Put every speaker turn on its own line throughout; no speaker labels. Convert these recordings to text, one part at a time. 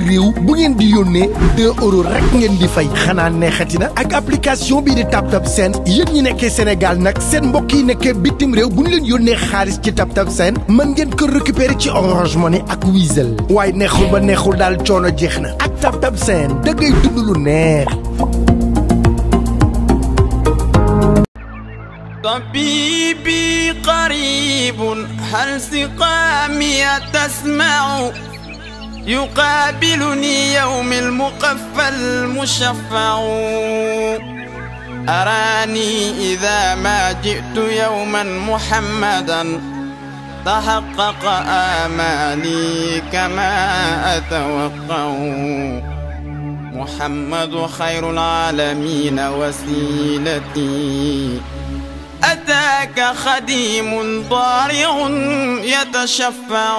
biir réew bu ngeen di yónnee 2 euros rek ngeen di fay xanaa neexati na ak application bii di TapTap Send yéen ñi nekkee Sénégal nag seen mbokk yi nekkee bitim réew bu ñu leen yónnee xaalis ci TapTap Send mën ngeen ko récupérer ci Orange Money ak Wizall waaye neexul ba neexul daal coono jeex na ak TapTap Send da ngay dund lu neex. طبيبي قريب هل سقامي يقابلني يوم المقفى المشفع أراني إذا ما جئت يوما محمدا تحقق آمالي كما أتوقع محمد خير العالمين وسيلتي أتاك خديم ضارع يتشفع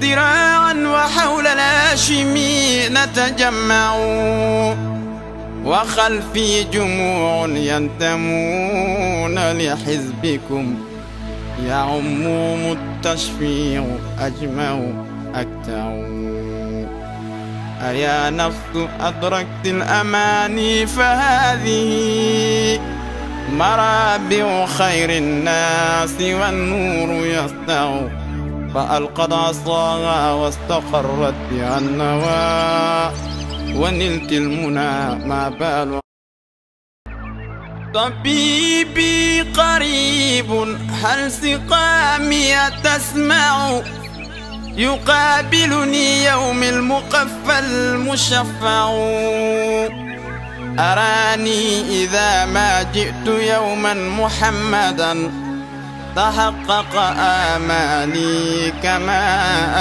ذراعا وحول الهاشمي نتجمع وخلفي جموع ينتمون لحزبكم يعمهم التشفيع أجمع أكتع أيا نفس أدركت الأماني فهذه مرابع خير الناس والنور يسطع فألقت عصاها واستقرت بها النوى ونلت المنى ما بال طبيبي قريب هل سقامي تسمع يقابلني يوم المقفى المشفع أراني إذا ما جئت يوما محمدا تحقق آمالي كما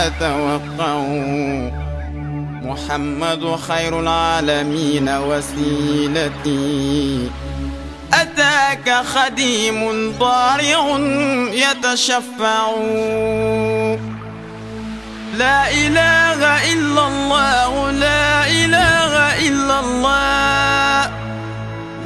أتوقع محمد خير العالمين وسيلتي أتاك خديم ضارع يتشفع لا إله إلا الله لا إله إلا الله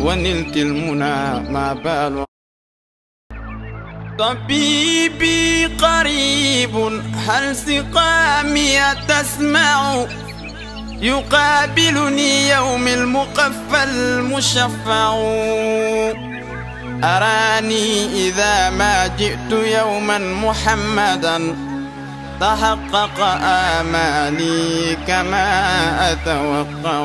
ونلت المنى ما بال طبيبي قريب هل سقامي تسمع يقابلني يوم المقفى المشفع أراني إذا ما جئت يوما محمدا تحقق آمالي كما أتوقع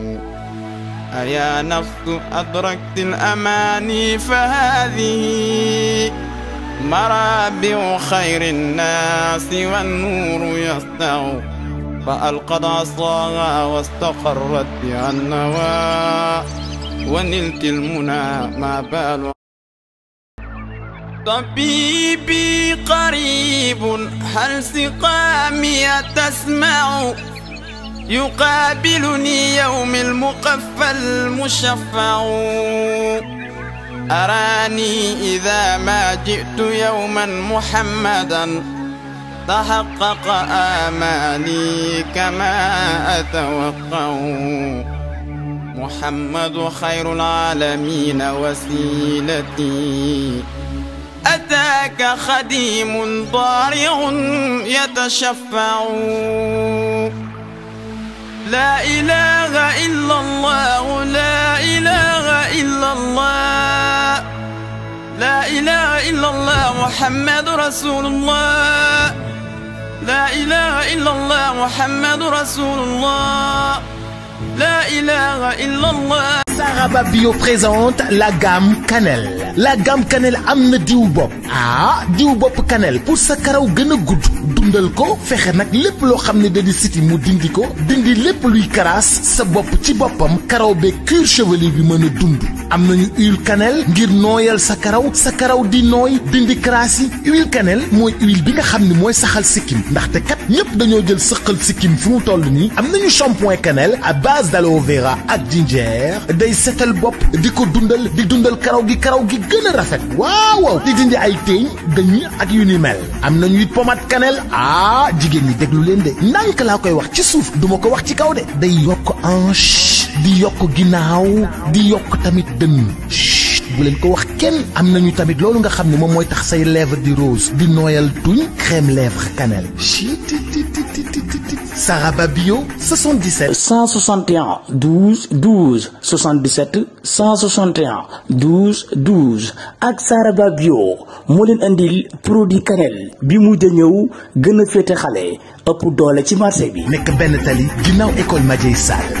أيا نفس أدركت الأماني فهذه مرابع خير الناس والنور يسطع فألقد عصاها واستقرت بها النوى ونلت المنى ما بال طبيبي قريب هل سقامي تسمع يقابلني يوم المقفى المشفع أراني إذا ما جئت يوما محمدا تحقق آمالي كما أتوقع محمد خير العالمين وسيلتي أتاك خديم ضارع يتشفع لا إله إلا الله لا إله إلا الله لا إله إلا الله محمد رسول الله لا إله إلا الله محمد رسول الله لا إله إلا الله Saraba Bio présente la gamme Cannelle la gamme cannelle am na diw bopp ah diw bopp cannelle pour sa karaw gën a gudd dundal ko fexe nag lépp loo xam ne da siti mu dindi ko dindi lépp luy karaas sa bopp ci boppam karaw be cuir chevelu bi mën a dund am nañu huile cannelle ngir nooyal sa karaw sa karaw di nooy dindi karaas yi huile cannelle mooy huile bi nga xam ne mooy saxal sikkim ndaxte kat ñépp dañoo jël saxal sikkim fu mu toll nii am nañu shampoing cannelle à base d'aloe vera ak ginger day setal bopp di ko dundal di dundal karaw gi karaw gi gën rafet waaw waaw di dindi ay teeñ dañuy ak yu ni mel am na ñuy pommade cannelle ah jigéen ñi déglu leen de ndànk laa koy wax ci suuf duma ko wax ci kaw de day yokk hanche di yokk ginnaaw di yokk tamit dën bu leen ko wax kenn am nañu tamit loolu nga xam ne moom mooy tax say lèvre di rose di nooyal tuñ crème lèvre cannelle Saraba Bio 77. 161 12 12 77 161 12 12 ak Saraba Bio moo leen indil produit cannelle bi mujj a ñëw gën a féete xale ëpp doole ci marché bi. nekk benn tali ginnaaw école Madiaye Sall.